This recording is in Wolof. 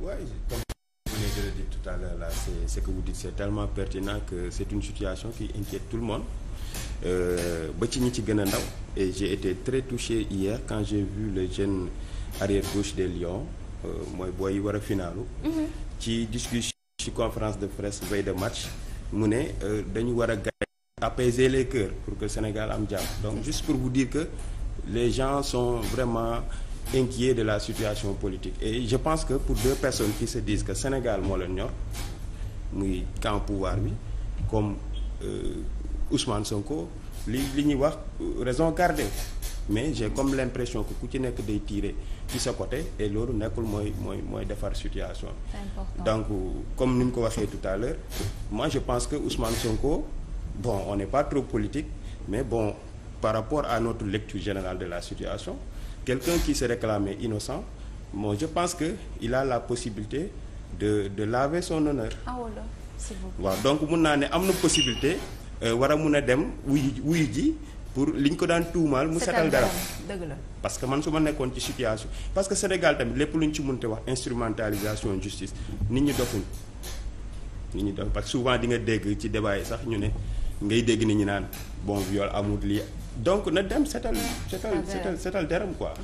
Oui, comme vous venez de le dire tout à l'heure, là, c'est ce que vous dites, c'est tellement pertinent que c'est une situation qui inquiète tout le monde. Euh, ba ci ñi ci gën a ndaw et j'ai été très touché hier quand j'ai vu le jeune arrière gauche des Lions euh, mooy booy yi war a finaalu mm-hmm. ci discussion ci conférence de presse veille de match mu ne euh, dañu war a gagner apaiser les cœurs pour que Sénégal am jàmm donc juste pour vous dire que les gens sont vraiment inquiet de la situation politique et je pense que pour deux personnes qui se disent que Sénégal moo leen ñor muy camp pouvoir bi comme euh, Ousmane Sonko li li ñuy wax euh, raison gardée mais j'ai comme l'impression que ku ci nekk day tirer ci sa côté et loolu nekkul mooy mooy mooy defar situation bi donc euh, comme ni mu ko waxee tout à l'heure moi je pense que Ousmane Sonko bon on n'est pas trop politique mais bon par rapport à notre lecture général de la situation quelqu'un qui se réclamait innocent bon je pense que il a la possibilité de de laver son honneur ah, waaw donc mun naa ne am na possibilité euh, war a mun a dem wuyu wuyu ji pour li ñu ko daan tuumaal mu setal dara dëgg la parce que man su ma nekkoon ci situation parce que Sénégal tamit lépp lu ñu ci mënte wax instrumentalisation justice nit ñi dofuñ nit ñi dofuñ parce que souvent di nga dégg ci débat yi sax ñu ne ngay dégg nit ñi naan bon viol amul lii donc na dem setal setal ah, setal setal deram